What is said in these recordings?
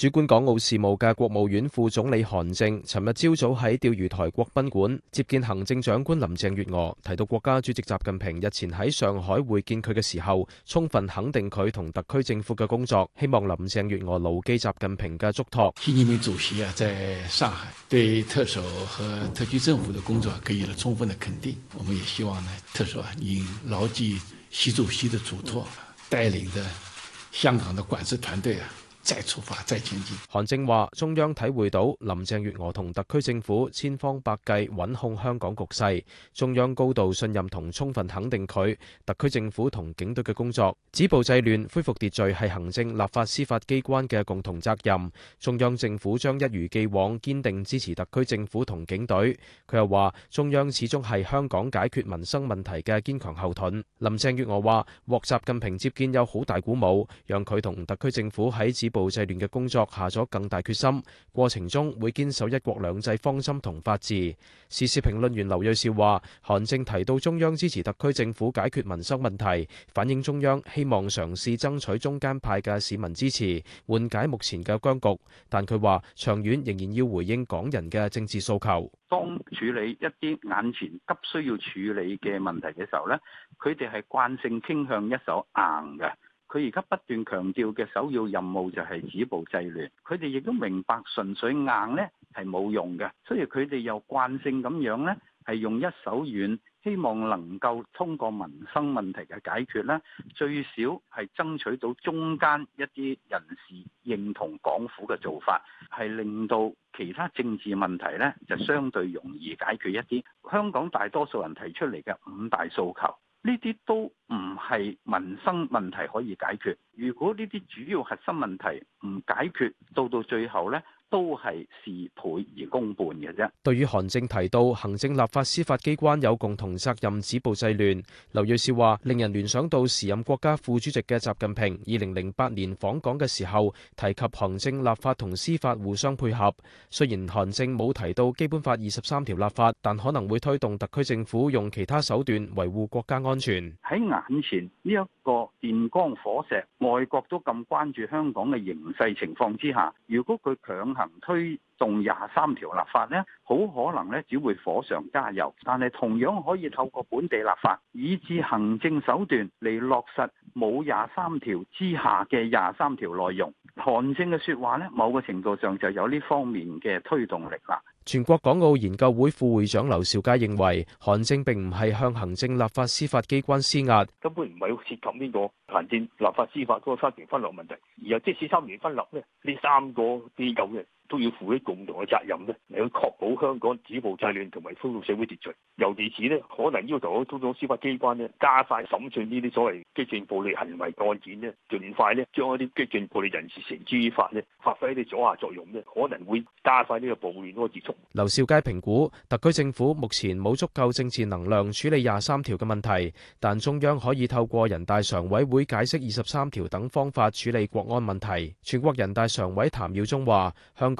主管港澳事務嘅國務院副總理韓正，尋日朝早喺釣魚台國賓館接見行政長官林鄭月娥，提到國家主席習近平日前喺上海會見佢嘅時候，充分肯定佢同特區政府嘅工作，希望林鄭月娥牢記習近平嘅囑託。習近平主席啊，在上海對特首和特區政府的工作給予了充分的肯定，我們也希望呢，特首啊，應牢記習主席的囑託，帶領着香港的管治團隊啊。再出發，再前進。韓正話：中央體會到林鄭月娥同特區政府千方百計穩控香港局勢，中央高度信任同充分肯定佢、特區政府同警隊嘅工作。止暴制亂、恢復秩序係行政、立法、司法機關嘅共同責任。中央政府將一如既往堅定支持特區政府同警隊。佢又話：中央始終係香港解決民生問題嘅堅強後盾。林鄭月娥話：獲習近平接見有好大鼓舞，讓佢同特區政府喺止暴。暴制亂嘅工作下咗更大決心，過程中會堅守一國兩制方針同法治。時事評論員劉銳紹話，韓正提到中央支持特區政府解決民生問題，反映中央希望嘗試爭取中間派嘅市民支持，緩解目前嘅僵局。但佢話長遠仍然要回應港人嘅政治訴求。當處理一啲眼前急需要處理嘅問題嘅時候呢，佢哋係慣性傾向一手硬嘅。佢而家不斷強調嘅首要任務就係止暴制亂，佢哋亦都明白純粹硬呢係冇用嘅，所以佢哋又慣性咁樣呢係用一手軟，希望能夠通過民生問題嘅解決呢最少係爭取到中間一啲人士認同港府嘅做法，係令到其他政治問題呢就相對容易解決一啲。香港大多數人提出嚟嘅五大訴求。呢啲都唔係民生問題可以解決，如果呢啲主要核心問題唔解決，到到最後咧。都係事倍而功半嘅啫。對於韓正提到行政、立法、司法機關有共同責任止暴制亂，劉銳紹話：令人聯想到時任國家副主席嘅習近平二零零八年訪港嘅時候，提及行政、立法同司法互相配合。雖然韓正冇提到基本法二十三條立法，但可能會推動特區政府用其他手段維護國家安全。喺眼前呢一個電光火石，外國都咁關注香港嘅形勢情況之下，如果佢強行，能推動廿三條立法咧，好可能咧，只會火上加油。但係同樣可以透過本地立法，以至行政手段嚟落實冇廿三條之下嘅廿三條內容。韓正嘅說話呢，某個程度上就有呢方面嘅推動力啦。全國港澳研究會副會長劉兆佳認為，韓正並唔係向行政、立法、司法機關施壓，根本唔係要涉及呢個行政、立法、司法嗰個三權分立問題，而又即係三權分立呢，呢三個啲咁嘅。都要負起共同嘅責任咧，嚟去確保香港止暴制亂同埋恢復社會秩序。尤其是咧，可能要求香港司法機關咧加快審訊呢啲所謂激進暴力行為案件咧，儘快咧將一啲激進暴力人士繩之於法咧，發揮一啲阻嚇作用咧，可能會加快呢個暴亂嗰個結束。劉兆佳評估，特區政府目前冇足夠政治能量處理廿三條嘅問題，但中央可以透過人大常委會解釋二十三條等方法處理國安問題。全國人大常委譚耀宗話，香港。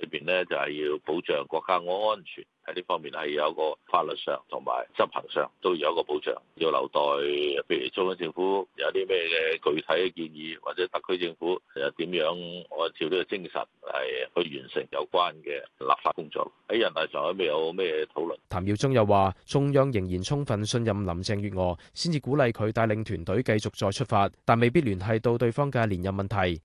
裏邊呢，就係要保障國家安全，喺呢方面係有一個法律上同埋執行上都要有一個保障。要留待譬如中央政府有啲咩嘅具體嘅建議，或者特區政府又點樣按照呢個精神嚟去完成有關嘅立法工作，喺人大常未有咩討論。譚耀宗又話中央仍然充分信任林鄭月娥，先至鼓勵佢帶領團隊繼續再出發，但未必聯繫到對方嘅連任問題。